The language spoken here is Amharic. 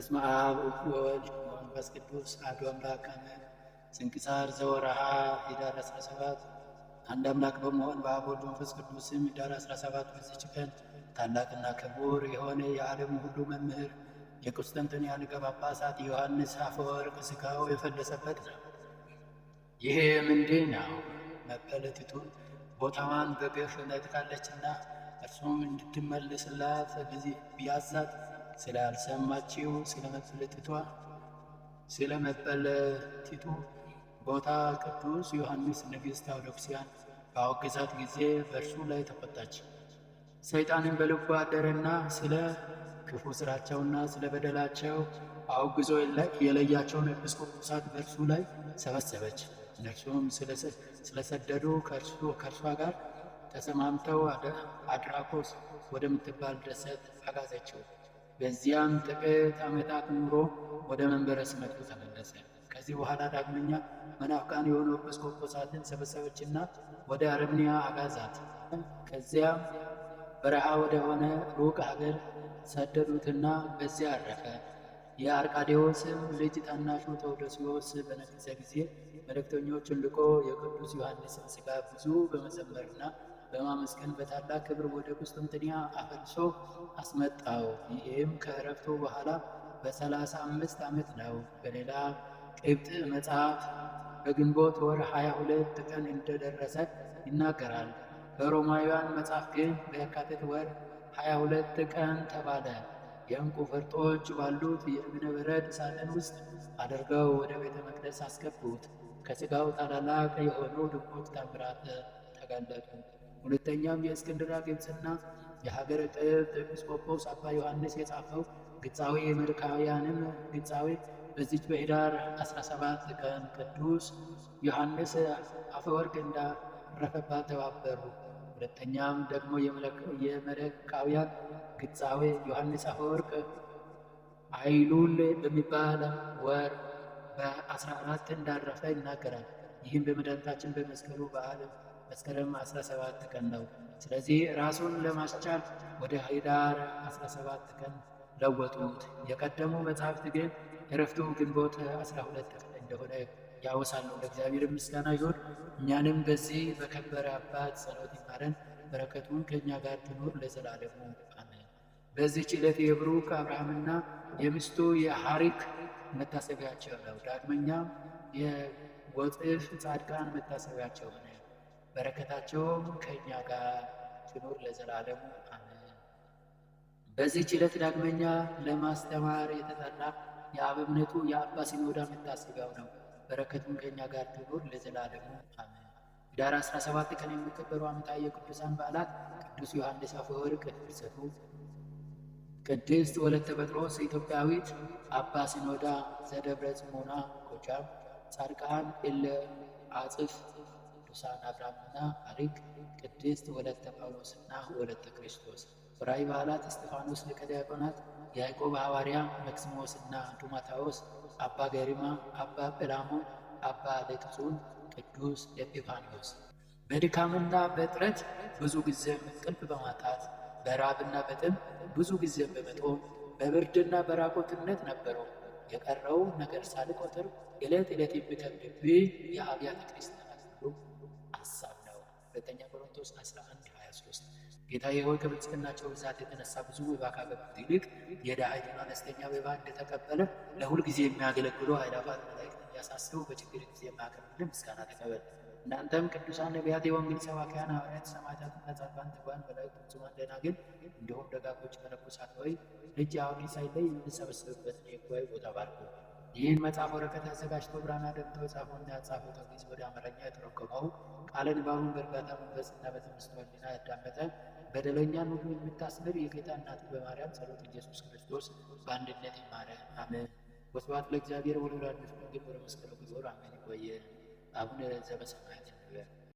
በስመ አብ ወወልድ ወመንፈስ ቅዱስ አሐዱ አምላክ አሜን። ስንክሳር ዘወርኀ ኅዳር 17 አንድ አምላክ በመሆን በአብ ወልድ መንፈስ ቅዱስም ኅዳር 17 በዚች ቀን ታላቅና ክቡር የሆነ የዓለም ሁሉ መምህር የቁስጥንጥንያ ሊቀ ጳጳሳት ዮሐንስ አፈወርቅ ሥጋው የፈለሰበት ነው። ይሄ ምንድን ነው? መበለቲቱን ቦታዋን በገፍ ነጥቃለችና እርሱም እንድትመልስላት ቢያዛት ስላልሰማችው ስለመበለቲቷ ስለመበለቲቱ ቦታ ቅዱስ ዮሐንስ ንግሥት አውዶክሲያን በአወገዛት ጊዜ በእርሱ ላይ ተቆጣች። ሰይጣንን በልቡ አደረና ስለ ክፉ ስራቸውና ስለ በደላቸው አውግዞ የለያቸውን ኤጲስቆጶሳት በእርሱ ላይ ሰበሰበች። እነርሱም ስለሰደዱ ከእርሷ ጋር ተሰማምተው አድራኮስ ወደምትባል ደሴት አጋዘችው። በዚያም ጥቂት ዓመታት ኑሮ ወደ መንበረ ሲመቱ ተመለሰ። ከዚህ በኋላ ዳግመኛ መናፍቃን የሆኑ ኤጲስቆጶሳትን ሰበሰበችና ወደ አረምንያ አጋዛት። ከዚያም በረሃ ወደሆነ ሩቅ ሀገር ሰደዱትና በዚያ አረፈ። የአርቃዴዎስም ልጅ ታናሹ ተውዶስዮስ በነገሠ ጊዜ መልእክተኞችን ልኮ የቅዱስ ዮሐንስን ሥጋ ብዙ በመዘመርና በማመስገን በታላቅ ክብር ወደ ቁስጥንጥንያ አፈልሶ አስመጣው። ይህም ከእረፍቱ በኋላ በሰላሳ አምስት ዓመት ነው። በሌላ ቅብጥ መጽሐፍ በግንቦት ወር 22 ቀን እንደደረሰ ይናገራል። በሮማውያን መጽሐፍ ግን በየካቲት ወር 22 ቀን ተባለ። የእንቁ ፈርጦች ባሉት የእብነ በረድ ሳጥን ውስጥ አድርገው ወደ ቤተ መቅደስ አስገቡት። ከሥጋው ታላላቅ የሆኑ ድንቆች ታምራት ተገለጡ። ሁለተኛም የእስክንድራ ግብፅና የሀገረ ጥብጽ ኤጲስቆጶስ አባ ዮሐንስ የጻፈው ግብፃዊ መልካውያንም ግብፃዊ በዚች በኅዳር 17 ቀን ቅዱስ ዮሐንስ አፈወርቅ እንዳረፈባት ተባበሩ። ሁለተኛም ደግሞ የመለካውያን ግብፃዊ ዮሐንስ አፈወርቅ አይሉል በሚባል ወር በ14 እንዳረፈ ይናገራል። ይህም በመድኃኒታችን በመስቀሉ በዓል መስከረም 17 ቀን ነው። ስለዚህ ራሱን ለማስቻል ወደ ህዳር 17 ቀን ለወጡት። የቀደሙ መጽሐፍት ግን እረፍቱ ግንቦት 12 ቀን እንደሆነ ያወሳሉ። ለእግዚአብሔር ምስጋና ይሁን። እኛንም በዚህ በከበረ አባት ጸሎት ይማረን፣ በረከቱን ከእኛ ጋር ትኑር ለዘላለሙ አሜን። በዚህች ዕለት የብሩክ አብርሃምና የሚስቱ የሐሪክ መታሰቢያቸው ነው። ዳግመኛ የወጽፍ ጻድቃን መታሰቢያቸው ነው። በረከታቸውም ከእኛ ጋር ትኑር ለዘላለሙ አሜን። በዚህች ዕለት ዳግመኛ ለማስተማር የተጠራ የአበምኔቱ የአባ ሲኖዳ መታሰቢያው ነው። በረከቱም ከእኛ ጋር ትኑር ለዘላለሙ አሜን። ኅዳር 17 ቀን የሚከበሩ ዓመታዊ የቅዱሳን በዓላት ቅዱስ ዮሐንስ አፈወርቅ ፍልሰቱ፣ ቅድስት ወለተ ጴጥሮስ ኢትዮጵያዊት፣ አባ ሲኖዳ ዘደብረ ጽሞና ጎጃም፣ ጻድቃን ኤለ አጽፍ ቅዱሳን አብርሃምና አሪቅ፣ ቅድስት ወለተ ጳውሎስና ወለተ ክርስቶስ። ወርኃዊ በዓላት እስጢፋኖስ ሊቀ ዲያቆናት፣ ያዕቆብ ሐዋርያ፣ መክስሞስና ዱማታዎስ፣ አባ ገሪማ፣ አባ ጵላሞን፣ አባ ለቅጹን፣ ቅዱስ ኤጲፋንዮስ። በድካምና በጥረት ብዙ ጊዜም እንቅልፍ በማጣት በራብና በጥም ብዙ ጊዜም በመጦም በብርድና በራቆትነት ነበረው። የቀረው ነገር ሳልቆጥር ዕለት ዕለት የሚከብድብኝ የአብያተ ክርስቲያን ሁለተኛ ቆሮንቶስ 11 23 ጌታ የሆይ ከብልጽግናቸው ብዛት የተነሳ ብዙ ወባ ካገቡት ይልቅ የድሃይቱን አነስተኛ ወባ እንደተቀበለ ለሁል ጊዜ የሚያገለግሉ ኃይላፋት መላእክት እያሳስቡ በችግር ጊዜ የማያቀርብልን ምስጋና ተቀበል። እናንተም ቅዱሳን ነቢያት፣ የወንጌል ሰባኪያን ሐዋርያት፣ ሰማዕታትና ጻድቃን፣ ትጉሃን መላእክት፣ ፍጹማን ደናግል እንዲሁም ደጋጎች መነኮሳት ሆይ ልጅ አሁን ሳይለይ የምንሰበሰብበትን የጉባኤ ቦታ ባርኩ። ይህን መጽሐፍ ወረቀት አዘጋጅቶ ብራና ደምተው የጻፈውና ያጻፈው ከግዕዝ ወደ አማርኛ የተረጎመው ቃለ ንባቡን በእርጋታ መንፈስና በትምህርት ሕሊና ያዳመጠ በደለኛ ሁሉ የምታስምር የጌታ እናት በማርያም ጸሎት ኢየሱስ ክርስቶስ በአንድነት ይማረ አሜን። ወስብሐት ለእግዚአብሔር ወለወላዲቱ ድንግል ወለመስቀሉ ክቡር፣ አሜን። ይቆየን። አቡነ ዘበሰማያት ይክበር